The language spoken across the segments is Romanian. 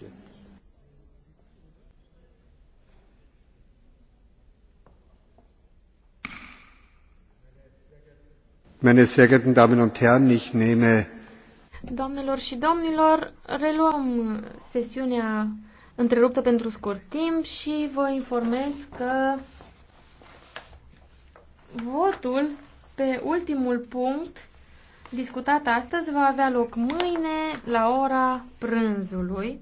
Thank Meine sehr geehrten Damen und Herren, ich nehme Doamnelor și domnilor, reluăm sesiunea întreruptă pentru scurt timp și vă informez că votul pe ultimul punct discutat astăzi va avea loc mâine la ora prânzului.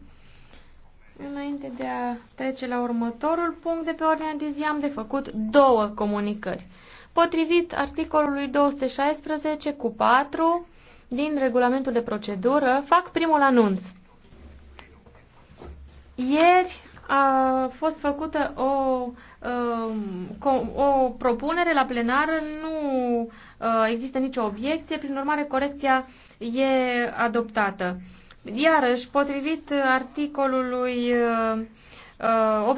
Înainte de a trece la următorul punct de pe ordinea de zi, am de făcut două comunicări. Potrivit articolului 216 cu 4 din regulamentul de procedură, fac primul anunț. Ieri a fost făcută o, um, o propunere la plenară, nu uh, există nicio obiecție, prin urmare corecția e adoptată. Iarăși, potrivit articolului uh, uh,